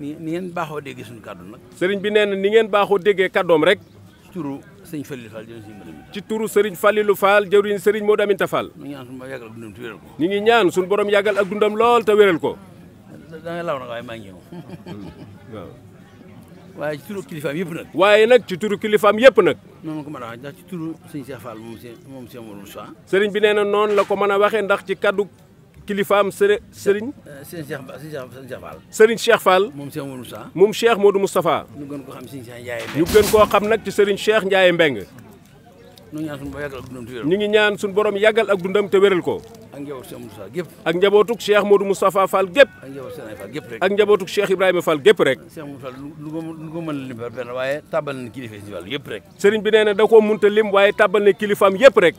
ni ngeen baaxoo déggee suñu kàddu nag. sëriñ bi nee na ni ngeen baaxoo déggee kàddoom rek. ci turu sëriñ Falilou Fall jëriñ sëriñ Modou Aminta. ci turu sëriñ Falilou Fall jëriñ sëriñ Modou Aminta Fall. ñu ngi ñaan suñu borom yàggal ak dundam lool te wéral ko. da ngay law nag waaye maa ngi ñëw. waaw. la ko a waxee ndax ci turu sëriñ Cheikh Fall moom bi nee na noonu la ko mën a waxee ndax ci kaddu kilifaam sëriñ eh, eh, sëriñ. sëriñ Cheikh Fall. sëriñ Cheikh Fall. moom Cheikh Modou Moustapha. moom Cheikh Modou Moustapha. ñu gën koo xam si Cheikh koo xam nag ci sëriñ Cheikh Ndiaye Mbengue. ñu ngi ñaan suñu borom yàggal ak dundam te wéral ko. ak njabootu Cheikh ak njabootuk Cheikh Modou Moustapha Fall gépp. ak njabootu Cheikh Fall gépp rek. ak njabootuk Cheikh Ibrahima Fall gépp rek. Cheikh Moustapha lu ko lu ko mën a waaye tàbbal na kilifa si yëpp rek. sëriñ bi nee na da koo munta lim waaye tàbbal na kilifaam yëpp rek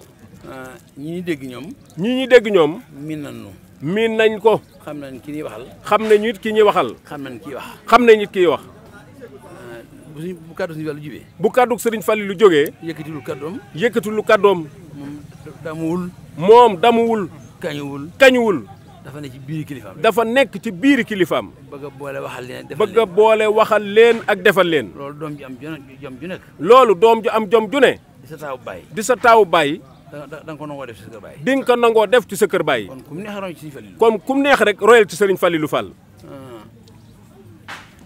Euh, ñi dégg ñoom. ñi ñuy dégg ñoom. miin nañ ñu. miin nañ ko. xam nañ ki ñuy waxal. xam nañ it ki ñuy waxal. xam nañ ki wax. xam nañ it kiy wax. Euh, bu suñ bu kaddu Sëriñ Fallu jubee. bu kaddu Sëriñ lu jógee. yëkkatilu kaddoom. yëkkatilu kaddoom. moom damuwul. moom damuwul. kañuwul kañuwul. dafa nekk ci biir kilifaam. dafa nekk ci biir kilifaam. bëgg a boole waxal leen defal leen bëgg a boole waxal leen ak defal leen. loolu doom ju am jom ju nekk. loolu doom ju am jom ju ne. di sa taawu baay. di sa taawu baay. danga ko nangoo def ci sa kër baay. di nga ko nangoo kër baay. kon kum neex roy ci Serigne Fallilou. kon kum neex rek royal ci Serigne Fallilou Fall. Ah.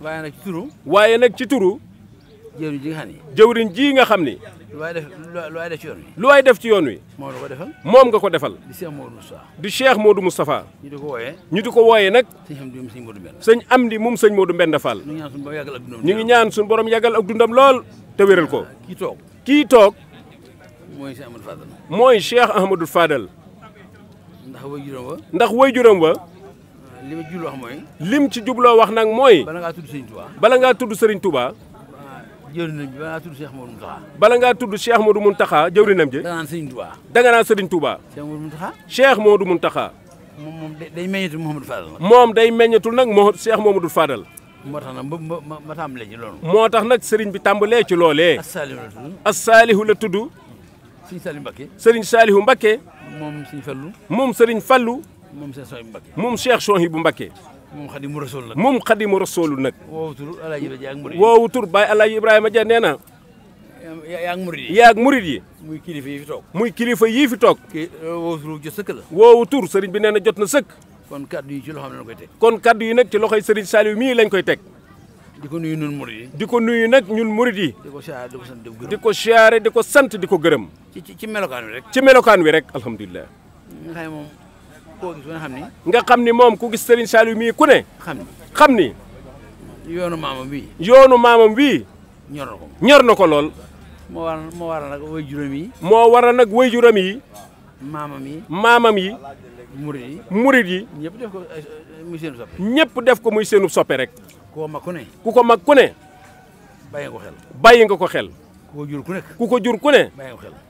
waaye nag ci turu. waaye nag ci turu. jëwriñ ji nga xam ni. jëwriñ ji nga xam ni. lu waay def lu waay def ci yoon wi. def ci yoon wi. moom la ko defal. moom nga ko defal. di Cheikh Modou Moustapha. di Cheikh Modou Moustapha. ñu di ko wooyee. nag di ko wooyee nag. sëñ Amdi moom sëñ Modou Mbenda Fall. ñu ngi ñaan suñu borom yagal ak dundam lool te wéral ko. kii toog kii toog. Moy Cheikh Ahmadou Fadal. mooy Cheikh Ahmadou Fadal. ndax way juram wa. ndax way juróom wa. li ma wax mooy. lim ci jubloo wax nag mooy. bala nga tuddu Serigne Touba. bala nga tuddu Serigne Touba. bala Cheikh bala Cheikh nga Cheikh Cheikh Modou mom day meñatu Fadal. Cheikh Fadal. motax nak Serigne bi ci lolé Serigne Saliou Mbacké Serigne Saliou Mbacké moom Serigne Fallou moom Serigne Fallou moom Cheikh Souhaïbou Mbacké moom Cheikh Souhaïbou Mbacké moom Xadimu Rasul nag moom Xadimu Rasul nag woowu tur El Hadj Ibrahima Dia ak Mouride woowu tur Baye El Hadj Ibrahima Dia nee na yaa ak Mouride yi yaa ak Mouride yi muy kilifa yii fi toog muy kilifa yii fi toog woowu tur jot sëkk la woowu tur Serigne bi nee na jot na sëkk kon kaddu yi ci loxoom lañ koy teg kon kaddu yi nag ci loxoy Serigne Saliou mii lañ koy teg di ko nuyu ñun murid di ko nuyu nag ñun murid yi. di ko siyaare di ko sant di ko gërëm. di ko gërëm. ci ci melokaan wi rek. ci melokaan wi rek alhamdulilah. nga xam ni. nga xam ni moom ku gis Serigne Saliou mii ku ne. xam ni yoonu maamam bii. yoonu maamam bii. ñor na ko ñor na ko lool. moo waral moo waral nag way juram yi. moo yi. maamam yi. maamam yi. murid ñëpp def ko muy seenu soppe. def ko muy seenu soppe rek. koo mag ku ku ko mag ku ne. bàyyi nga ko xel. nga ko xel. ku ko jur ku ne. ku ko jur ku ne.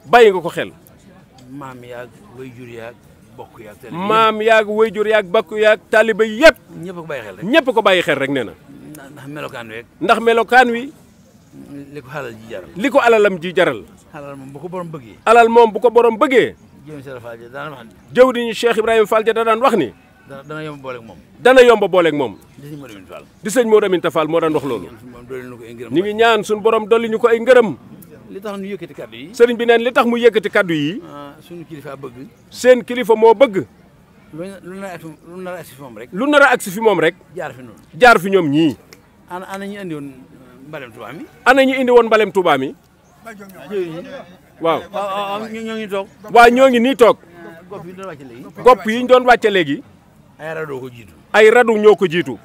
bàyyi nga ko xel. ko xel. maam yaag way jur yaag bokk yaag. maam yaag way jur yaag bokk yaag taaliba yëpp. ñëpp ko bàyyi xel rek ñëpp ko bàyyi xel rek nee na. ndax melokaan wi ndax melokaan wi. li ko alal ji jaral. li ko alalam ji jaral. alal moom bu ko borom bëggee. alal moom bu ko borom bëggee. jëwriñu daan wax ni. dana yomb bolé moom dana di seigne Modou Aminta tafal mo daan wax lolu ni ngi ñaan suñu borom doli ñuko ay ngërëm li tax ñu yëkëti kaddu yi seigne bi neen li tax mu yëkëti kaddu yi ah, suñu kilifa bëgg seen kilifa mo bëgg lu nar a agsi fi mom rek lu nar a fi moom rek jaar fi ñoom jaar fi ñoom ñii ana ñu andi won uh, mbalem Touba mi ana ñu indi won mbalem Touba mi waaw waaw ah, ah, ñoo ngi toog waaw ñoo ngi nii toog gopp yi ñu doon wacce legi gopp yi ñu doon wàcce léegi ay rado ko jiitu. ay rado ñoo ko jiitu.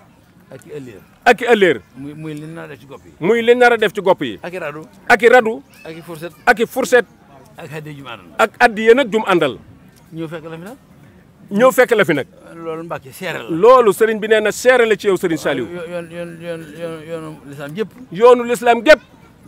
ak i ëllëg. ak i ëllëg. muy muy li nar ci gopp yi. muy leen nar a def ci gopp yi. ak i rado. ak i rado. ak i fourchette. ak i fourchette. ak addiya jum àndal. ak addiya nag jum àndal. ñëw fekk la fi nag. ñëw fekk la fi nag. loolu Mbacke seere loolu sëriñ bi nee na seere la ci yow sëriñ Saliou. yoon yoon yoonu lislaam gépp. yoonu lislaam gépp.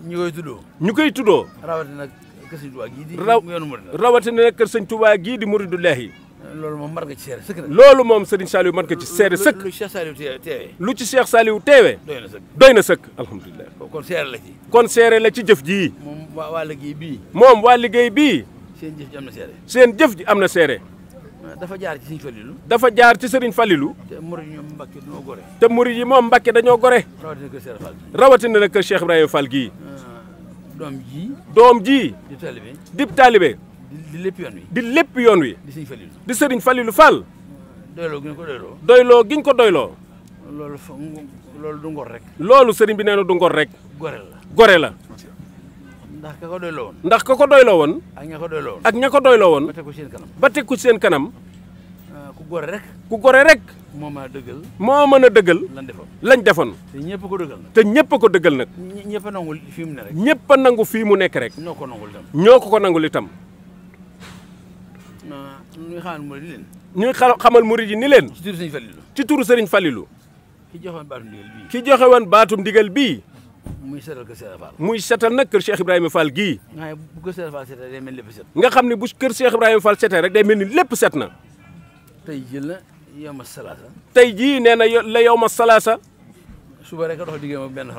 ñu koy tuddoo. ñu koy tuddoo. rawatina nag kër sëñ Touba gii di. rawatina nag kër sëñ loolu moom mën ci seere sëkk loolu moom Serigne Saliou mën nga ci seere sëkk. lu ci Cheikh Saliou teewee. lu ci Cheikh Saliou teewee. doy na sëkk doy na sëkk kon seere la ci. jëf ji. moom waa waa liggéey bii. moom waa liggéey bii. seen jëf ji am na seere. seen jëf ji am na seere. Ah, dafa jaar ci Serigne Falilou. dafa jaar ci Serigne falilu te murid yi moom Mbacke dañoo gore. te murid yi moom Mbacke dañoo gore. rawatina kër Cheikh Fall gii. rawatina nag kër ah, doom ji. doom ji. dib taalibe dib taalibe di lepp yoon wi. di lépp yoon wi. di sëriñ Falilou. di Fall. doyloo gi ko doylo doylo giñ ko doylo loolu fa du ngor rek. loolu serigne bi nee du ngor rek. gore la gore la. ndax kako doylo won ndax kako doylo won ak ñako doylo won ak ñako doylo won batte ku seen kanam ba teg seen kanam. Euh, ku gore rek. ku gore rek. moo mën a dëggal. moo mën a dëggal. lañ defoon lañ defon te ñepp ko deugal te ñepp ko deugal nak ñepp nangul fi mu ne rek. ñepp nangul fi mu nekk rek. ñoko nangul itam. ñoko ko nangul itam. ñu ngi xamal murid yi ni leen. ci turu Serigne Fallilou. ci ki joxe woon baatum ndigal bii. muy setal kër Cheikh muy setal nag kër Cheikh Ibrahima Fall gii. nga xam ne bu nga xam ne bu kër Cheikh Ibrahima Fall setee rek day mel ni lépp set na. tey jii la yow tey jii nee na la yow ma salaasa. suba rek dox diggante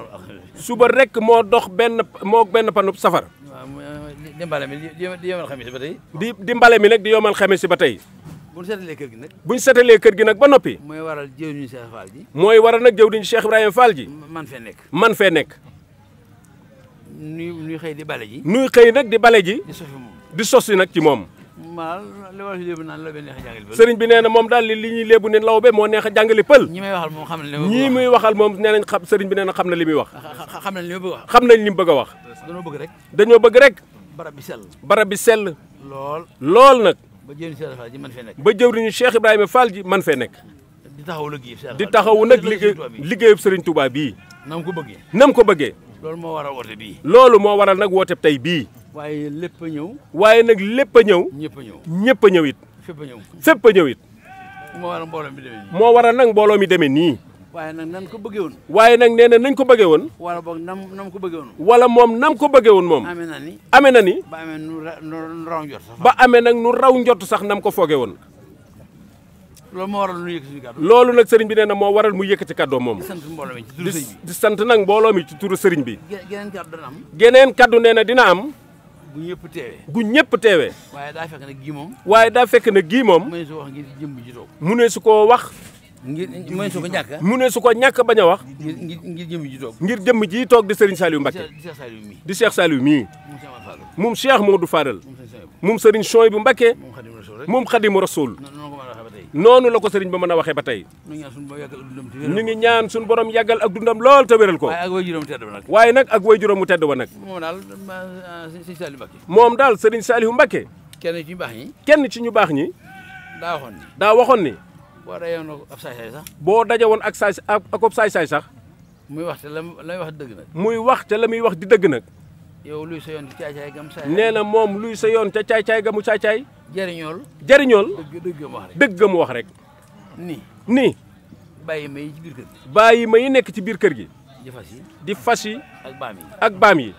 suba rek moo dox benn moo benn panub safar. waaw euh, di mbale mi di yomal xamis ba tey. di di mi nag di yomal xamis ba tey. bu ñu setalee kër gi nag. bu ñu setalee kër gi nag ba noppi. mooy waral jëwriñu Cheikh Fall ji. mooy waral nag jëwriñu Cheikh Ibrahima Fall ji. man fee nekk man fee nekk. nuy nuy xëy di bale ji. nuy xëy nag di bale ji. di sos moom di sos nag ci moom. waaw li wala si lébu naan a jàngali pël. sëriñ bi nee na moom daal li ñuy lébu ne lawbe moo neex a jàngali pël. ñi may waxal moom xam na xam sëriñ bi nee na xam na li muy wax. xam nañ li mu bëgg a xam nañ li mu a wax. dañoo bëgg rek. dañoo bëgg rek. barab bi sel barab bi sell. lool lool nag. ba jëwriñu Cheikh Ibrahima Fall ji man fee nekk. ba jëwriñu Cheikh Ibrahima Fall ji man fee nekk. di taxawu liggéey Cheikh di taxawu nag liggéey liggéeyub Serigne Touba bii. na ko bëggee. nam ko bëggee. loolu moo waral woote bii. loolu moo waral nag woote tey bii. waaye lépp a ñëw. waaye nag lépp a ñëw. ñëpp a ñëw ñëpp ñëw it. fépp a ñëw fépp a ñëw it. moo waral mbooloo mi demee nii. moo waral nag mbooloo mi demee nii. waaye nag nan ko bëggee woon. waaye nag nee nañ ko bëggee woon. wala boog nam nam ko bëggee woon. wala moom nam ko bëggee woon moom. amee na ni amee na ni. ba amee nu raw njot ba amee nag nu raw njot sax nam ko foogee woon. loolu moo waral loolu nag sëriñ bi nee na moo waral mu yëkkati kàddoom moom. di sant mbooloo mi ci turu sëriñ di sant nag mbooloo mi ci turu sëriñ bi. geneen kàddu dina am. geneen kàddu nee na dina am. gu ñëpp teewee. gu ñëpp teewee. waaye daa fekk nag gii moom. waaye daa fekk nag gii moom. mu ne wax ngir jëmm mu ne su ko wax ngir mu ne su ko ñàkk mu su ko ñàkk bañ a wax. ngir ngir jëmm ji toog. ngir jëmm ji toog di Serigne Saliou Mbacké. di Cheikh Saliou mii. moom Cheikh Modou Fadal. moom Serigne Souhaïbou Mbacké. moom Khadimou Rassoul. noonu la ko Serigne ba mën a waxee ba tey. ñu ngi ñaan suñu borom yàggal ak dundam lool te wéral ko. waaye nag ak way juróom mu tedd ba nag. Ah, moom daal Serigne Saliou Mbacké. kenn ci ñu baax ñi. kenn ci ñu baax ñi. daa waxoon ni. boo dajee woon ak saay-saay sax. boo dajee woon ak saay ak ako saay-saay sax. muy wax te la muy wax dëgg nag. muy wax te la muy wax di dëgg nag. yow luy sa yoon gam saay. nee na moom luy sa yoon ca caay-caay gamu caay-caay. jëriñool jëriñool. dëgg dëgg mu wax rek ni mu wax rek. bàyyi ma yi ci biir kër gi. bàyyi ma nekk ci biir kër gi. di fas yi di fas yi. ak baam yi ak baam yi.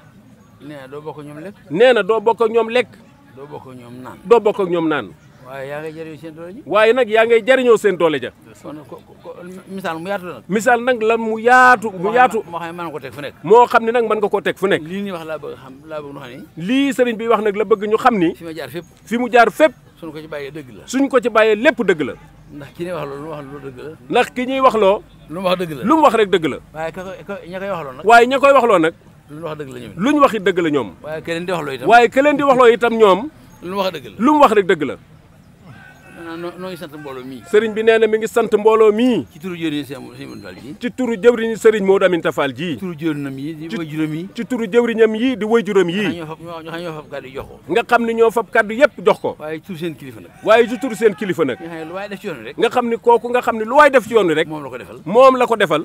nee na doo bokk ñoom lekk. nee na doo bokk ñoom lekk. doo bokk ñoom naan doo bokk ñoom naan. waaye yaa ngay jëriñoo seen doole ji. waaye nag yaa ngay jëriñoo seen doole ja. misaal mu yaatu la nag. misaal nag lan mu yaatu. mu yaatu moo xam ne ko teg fu nekk. moo xam ne nag mën nga ko teg fu nekk. lii nii wax laa bëgg xam laa bëgg ñu xam sëriñ bi wax nag la bëgg ñu xam ni. fi ma fi mu jaar fépp. suñ ko ci bàyyee dëgg la. suñ ko ci bàyyee lépp dëgg la. ndax ki ñuy wax loo lu mu wax loo dëgg la. ndax ki ñuy wax loo. lu wax dëgg la lu mu wax rek dëgg la. waaye ña koy waxloo nag. waaye ña koy waxloo nag. lu ñu wax dëgg la ñoom. lu ñu wax it dëgg la ñoom. waaye ka di waxloo itam. waaye ka di waxloo itam ñoom. lu mu wax dëgg la lu mu wax rek dëgg la. noo ngi sant sëriñ bi nee na mi ngi sant mbooloo mii. ci turu jëwriñu sëriñ Modou Fall ji. ci turu jëwriñu sëriñ Modou Aminta Fall ji. ci turu jëwriñam yi di way juróom yi. ci turu jëwriñam yi di way juróom yi. nga xam ne ñoo fab kaddu yëpp jox ko. waaye ci turu seen kilifa nag. nga xam ne kooku nga xam ne lu def ci yoon rek. moom la ko defal.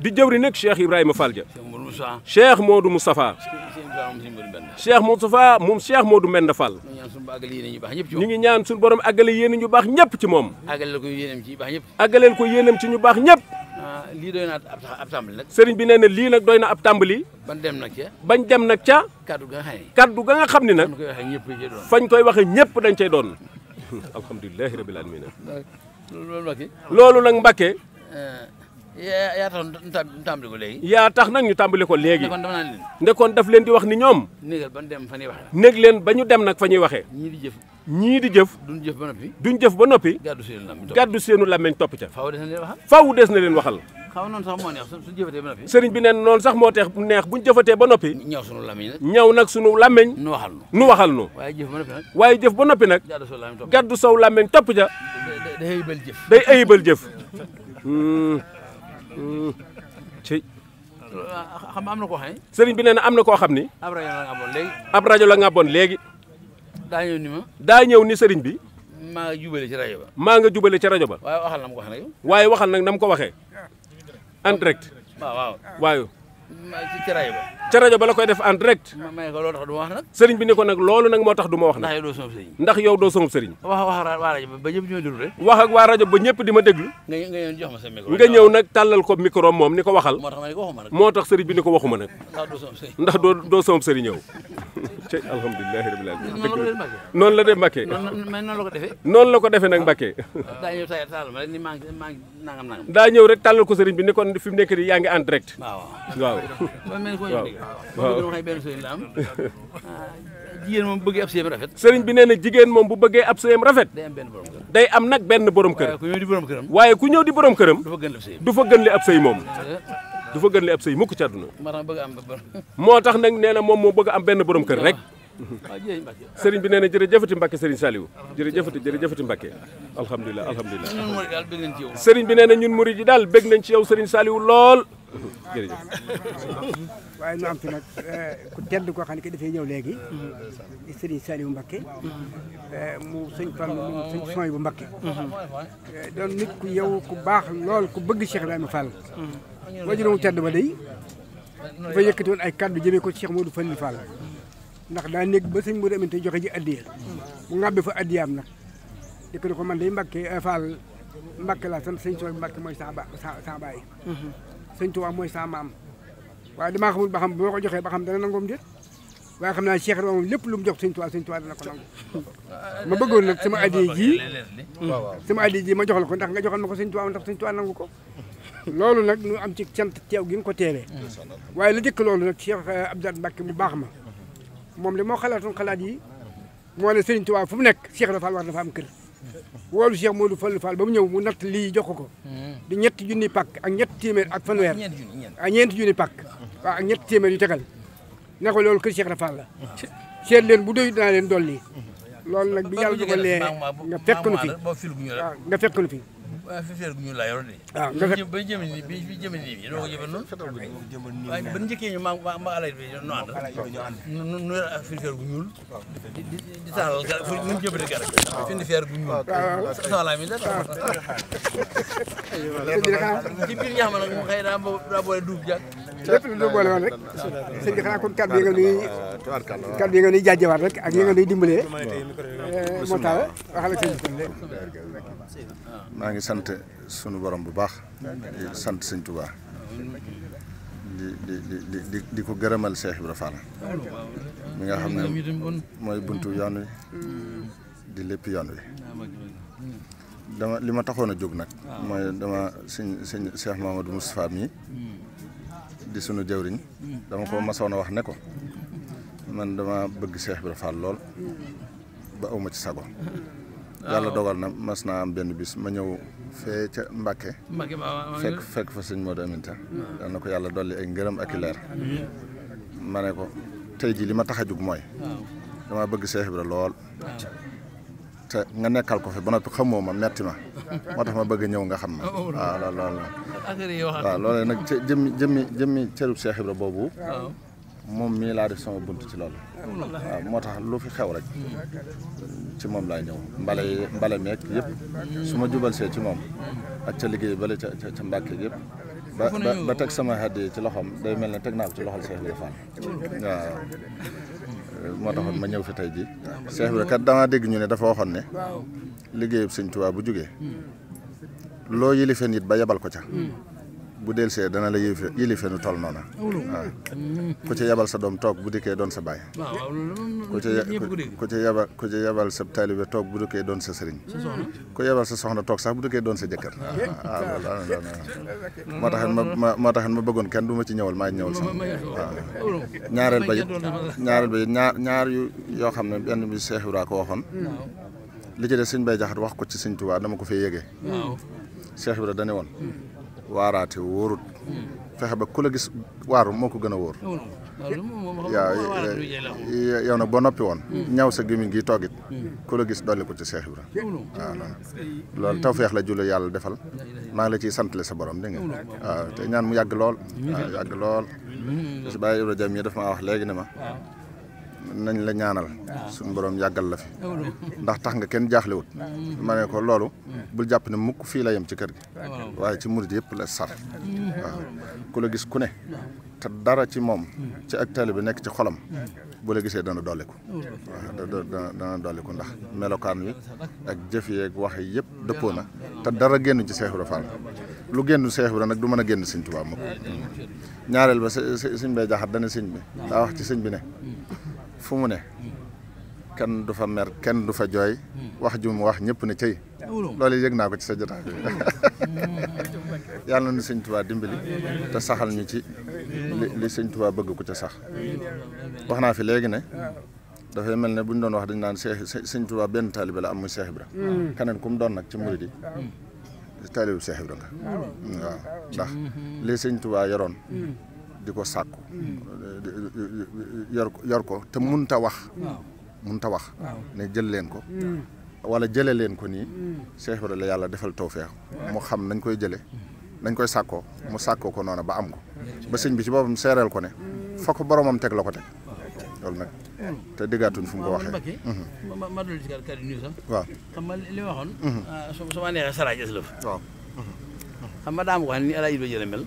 di jëwriñ nag Cheikh Ibrahima Fall ja. Cheikh Modou Moustapha Cheikh Moustapha moom Cheikh Modou Mbenda Fall ñu ngi ñaan suñu borom àggale yéen ñu baax ñëpp ci moom àggaleel ko yéenam ci baax ñëpp àggaleel ko yéenam ci ñu baax ñëpp ah, lii doy na ab tàmbali sëriñ bi nee na lii nag doy na ab tàmbali bañ dem nag ca bañ dem nag ca kaddu ga nga xam ne kaddu xam ne nag fañ koy waxee ñëpp dañ cay doon alhamdulilahi rabil alamin loolu nag Mbacke yaa tàmbali ko léegi. yaa tax nag ñu tàmbali ko léegi. kon daf leen di wax ni ñoom. néegal ba ñu dem fa ñuy waxee. néeg leen ba ñu dem nag fa ñuy waxee. ñii di jëf. ñii di jëf. duñ jëf ba noppi. duñ jëf ba noppi. gàddu seenu làmmiñ topp gàddu seenu làmmiñ topp ca. faw des na leen waxal. faaw des na leen waxal. sax moo neex suñu jëfatee ba noppi. sëriñ bi neen noonu sax moo teex neex buñu jëfatee ba noppi. ñaw sunu làmmiñ nag. ñaw nag sunu làmmiñ. nu waxal nu waxal nu. waaye jëf ba nag. waaye jëf ba noppi nag. gàddu sow làmmiñ topp gàddu sow làmmiñ topp ja. day ayibal jëf. day ayibal jëf. Hmm. ci am na koo xam sëriñ bi nee na am na koo xam ni. ab rajo la ngàbboon léegi. ab rajo la ngàbboon léegi. daa ñëw ni ma. daa ñëw ni sëriñ bi. maa nga jubale ci rajo ba. maa nga jubale ci rajo ba. waaye waxal na ma ko waxee nag. waaye waxal nag na ko waxee. direct. waaw cara rajo ba la koy def en direct may ko loolu tax du wax nag sëriñ bi ne ko nak lolou nak motax duma wax nak ndax yow do sama serigne wax wax wa radio ba ñepp ñoo dul rek wax ak wa radio ba ñepp dima deglu déglu nga ñëw jox ma sa micro nga ko micro moom ni ko waxal moo tax bi niko waxuma nak ndax do do sama serigne yow ci rabbil alamin non la def Mbacké non la ko defee la ko defee nag ma rek ni maa ngi nangam nangam daa ñëw rek ko serigne bi ni ko nekk ni yaangi en direct waaw Ah, jigéen moom bëggee ab sëyam rafet bi nee na jigéen moom bu bëggee ab sëyam rafet day am nag benn borom kër waaye ku ñëw di borom këram du fa gën li ab sëy moom eh? du fa gën li ab sëy mukk ci àdduna moo tax nag nee na moom moo bëgg am benn borom kër rek sëriñ bi nee na jërëjëfati Mbacke sëriñ Saliou jërëjëfati jërëjëfati Mbacke alhamdulilah alhamdulilah sëriñ bi nee na ñun murid yi daal bëgg nañ ci yow sëriñ Saliou lool waaye ñu am nag eh, ku tedd ko xan ne que dafay ñëw léegi di sëriñ Saliou Mbacké mm-hmm. eh, mu sëñ Fall mu mm-hmm. sëñ sooy bu Mbacké mm-hmm. eh, doon nit ku yow ku baax lool ku bëgg Cheikh Ibrahima Fall wajuróomu tedd ba day dafa yëkkati woon ay kàddu jëmee ko Cheikh Modou Fall Fall ndax daa nekk ba sëñ Modou Aminta joxe ji addiya mu ngàbbe fa addiyaam nag di ko ne ko man day Mbacké Fall Mbacké laa sant sëñ sooy bu Mbacké mooy sa baay sëñ Tuubaa mooy sa maam waaye damaa xamul ba xam bu ko joxee ba xam dana nangoom déet waaye xam naa Cheikh Ibrahima moom lépp lu mu jox sëñ Tuubaa sëñ Tuubaa dana ko nangu ma bëggoon nag sama addi ji sama addi ji ma joxal ko ndax nga joxal ma ko sëñ Tuubaa ndax sëñ Tuubaa nangu ko loolu nag ñu am ci cant teew gi nga ko teewee waaye la jëkk loolu nag Cheikh eh, Abdoulaye Mbacké mu baax ma moom li moo xalaatoon xalaat yi moo ne sëñ Tuubaa fu mu nekk Cheikh Ibra Fall war na fa am kër woolu Cheikh Modou Fallou Fall ba mu ñëw mu natt lii jox ko hmm. di ñetti junni pàkk ak ñetti téeméer ak fanweer ak ñeenti junni ah, pàkk waaw hmm. ah, ak ñetti téeméer yu tegal loolu kër Cheikh na Fall la hmm. seet leen bu doy dinaa leen dolli loolu nag bi yàlla le nga fekk nu fi ah, nga fekk nu fi waaye fi feer gu ñu laa yor de. waaw ah, nga fekk ba jëm nii bi fi jëm nii bi doo ko jëmee noonu. waaye ba njëkkee ñu ma ma alay bi ñu ànd. ñu ñu ñu fi feer gu ñuul. di di di taxawal garab fu ñu jëmale garab. waaw fi feer gu ñuul. Ah, soxlaa mi ah. la ci biir ñax ma nag mu xëy daa boo daa boole duub jàkk. lépp lu boole woon rek sëñ bi xanaa kon kàddu yi nga nuy kàddu yi nga nuy jaajëwaat rek ak yi nga nuy dimbalee moo tax waxal ak sëñ bi maa ngi sant sunu borom bu baax sant sëñ Tuubaa di di di di di ko gërëmal Cheikh Ibra Fall mi nga xam ne mooy buntu yoon wi di lépp yoon wi dama li ma taxoon a jóg nag mooy dama sëñ sëñ seex Mamadou Moustapha mii di sunu jëwriñ dama ko masoon a wax ne ko man dama bëgg seex Ibra Fall lool ba awma ci sago yàlla ah. dogal na mas naa am benn bis ma ñëw fee ca Mbacke fekk fekk fa sëñ Modou Aminta ah. yal na ko yàlla dolli ay ngërëm ak i leer ma ne ko tey jii li ma tax a jug mooy dama bëgg Cheikh Ibra lool te nga nekkal ko fi ba noppi xamoo ma metti ma moo tax ma bëgg ñëw nga xam ma oh, oh, oh. waaw loolu nag jëmmi jëmmi jëmmi cërub Cheikh Ibra boobu moom mii laa def sama bunt ci lool waaw moo tax lu fi xew rek ci moom laa ñëw mbale yi mbale meek yëpp su ma jubal see ci moom ak ca liggéey bale ca ca mbàkke yëpp ba ba teg sama xarit yi ci loxoom day mel ne teg naa ko ci loxol see Ibrahima Fall waaw moo ma ñëw fi tey jii Cheikh Ibrahima kat damaa dégg ñu ne dafa waxoon ne liggéeyub Sëñ Tuubaa bu jógee loo yilife nit ba yebal ko ca bu delsee dana la yilife yilife nu toll noonu waaw ku ci yabal sa doom toog bu dikkee doon sa baay ku ci ku ci yabal ku ci sa taalibe toog bu dikkee doon sa sëriñ ko yabal sa soxna toog sax bu dikkee doon sa jëkkër ah, ah, moo tax ma moo taxen ma bëggoon kenn du ma ci ñëwal maa ngi ñëwal sax ñaareel ba ñaar yoo xam ne benn bi Cheikh Ibrahima ko waxoon li ci de Sëñ Bay Jaxat wax ko ci Sëñ Tuubaa dama ko fee yëgee Cheikh Ibrahima dane woon hmm. waaraate wóorut fexe ba ku la gis waaru moo ko gën a wóor yaa yow boo noppi woon hmm. ñaw sa gémmiñ gi toogit hmm. ku la gis dolli ko ci Seex Ibra waaw ah, loolu tawfeex la julli yàlla defal maa ngi la ciy santale sa borom dégg ah, te ñaan mu yàgg lool waaw ah, yàgg lool parce que Baye Jam mi daf maa wax léegi ne ma nañ la ñaanal ah. suñu boroom yàggal la fi ndax tax nga kenn jaaxlewut mm. ma ne ko loolu mm. bul jàpp ne mukk fii la yem ci kër gi waaye ci murid yëpp la sar mm. waaw ku la gis ku ne te dara ci moom ci ak bi nekk ci xolam bu la gisee dana dolliku waaw dana dolliku ndax melokaan wi ak jëf yeeg wax yëpp dëppoo na te dara génn ci Seex Ibra lu génn Seex Ibra nag du mën a génn Sëñ Tuubaa mukk ñaareel ba sëñ bay jaxat dana sëñ bi daa wax ci sëñ bi ne fu mu ne kenn du fa mer kenn du fa jooy wax ju mu wax ñëpp na cëy loolu yég naa ko ci sa jotaay bi yàlla na sëñ Tuubaa dimbali te saxal ñu ci li li sëñ bëgg ko ca sax wax naa fi léegi ne dafay mel ne bu ñu doon wax dañ naan Seex sëñ Tuubaa benn taalibe la am muy Seex bi keneen ku mu doon nag ci murid yi taalibu Seex Ibra nga ndax li sëñ Tuubaa yoroon di ko sàkku yor yor ko te munta wax munta wax ne jël leen ko hmm. wala jële leen ko nii hmm. Cheikh Ibrahima la yàlla defal tawfeex hmm. mu xam nañ koy jële nañ koy sàkkoo mu sàkkoo ko noonu ba am ko ba sëñ bi ci boppam seereel ko ne fa ko boromam teg ko teg loolu nag te déggaatuñ fu mu ko waxee. ma ma dul ci kàddu gi sax. waaw xam ma daa ah, ma ko wax ni El Hadj Ibrahima mel.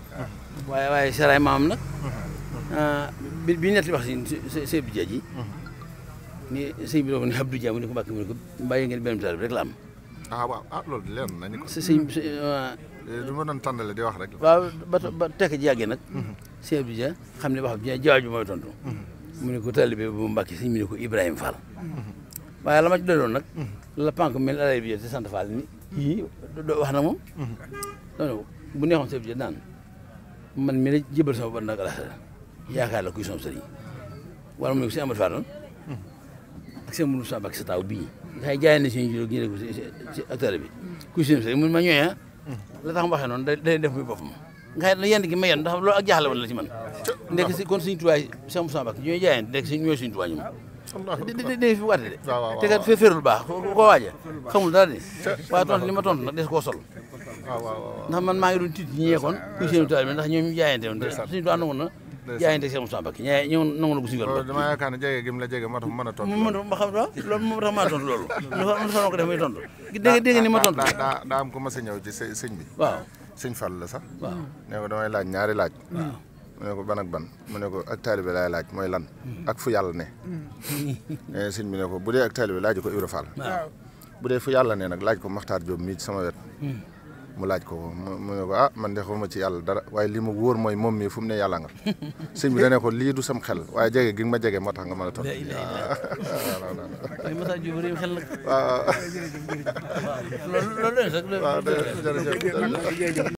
waaye waaye seraay maam nag uh-huh. ah, bi bi nett wax si sëñ bi jaaj yi ni sëñ bi doon ni Abdou Dia mu ne ko bàkk mu ne ko bàyyi ngeen benn taal bi rek la am ah waaw ah loolu leer na ni ko sëñ du mm-hmm. eh, ma doon tàndale di wax rek waaw ba ba tekk ji yàggee nag mm-hmm. sëñ Abdou Dia xam ne wax jawaab ji mooy tontu mm-hmm. mu ne ko taalibe bi mu mbàkki sëñ bi ne ko Ibrahima Fall waaye la ma ci doon nag la pank mel alay bi te sant Fall ni yii wax na moom bu neexoon sëñ Abdou Dia naan man mi la jébal sama bopp nag alhamdulilah yaakaar la kuy sama sëriñ wala mu ne ko si Amadou Fall ak seen mënu Samba ak sa taaw bii nga xam ne jaay na ñu ne ko si bi kuy suñu sëriñ ma ñëwee la tax mu waxee noonu day day def muy boppam nga xam ne yenn gi ma yenn ndax loolu ak la ci man ndekk si kon suñu tuwaay seen mënu Samba ñooy jaay ndekk si ñooy suñu tuwaay ñoom di di fi waate de te kat fee féerul baax koo xamul dara de waaye tontu li ma tontu nag des koo sol ndax man maa ngi doon tiit ñi yeekoon kuy seenu taalibe ndax ñoom ñu jaayante woon suñu doon nangu na jaayante Cheikh Moustapha Mbacké ñaa ñëw nangu na ko suñu wér dama yaakaar ne la jege moo tax mën a tontu mën ma xam waaw loolu moo tax maa tontu loolu dafa fa ko def ma tontu daa am ko mas a ñëw bi waaw sëñ Fall la sax waaw ne ko damay laaj ñaari laaj mu ne ko ban ak ban mu ne ko ak taalibe laay laaj mooy lan mm. ak fu yàlla ne mm. eh, sëñ bi ne ko bu dee ak taalibe laaj ko Ibra bu dee fu yàlla ne nag laaj ko Maxtaar Joob mii ci sama wet mm. mu laaj ko mu ne ko ah man de xawma ci yàlla dara waaye lii ma wóor mooy moom mii fu mu ne yàlla nga sëñ bi dane ko lii du sam xel waaye jege gi ma jege moo tax nga mën a toog waaw waaw waaw